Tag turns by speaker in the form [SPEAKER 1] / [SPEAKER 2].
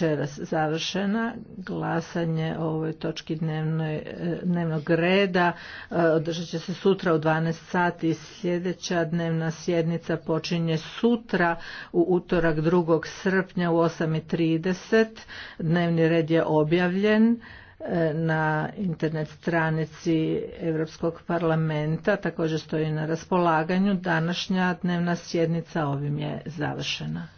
[SPEAKER 1] večeras završena. Glasanje o ovoj točki dnevnoj, e, dnevnog reda e, održat će se sutra u 12 sati. Sljedeća dnevna sjednica počinje sutra u utorak 2. srpnja u 8.30. Dnevni red je objavljen e, na internet stranici Europskog parlamenta također stoji na raspolaganju. Današnja dnevna sjednica ovim je završena.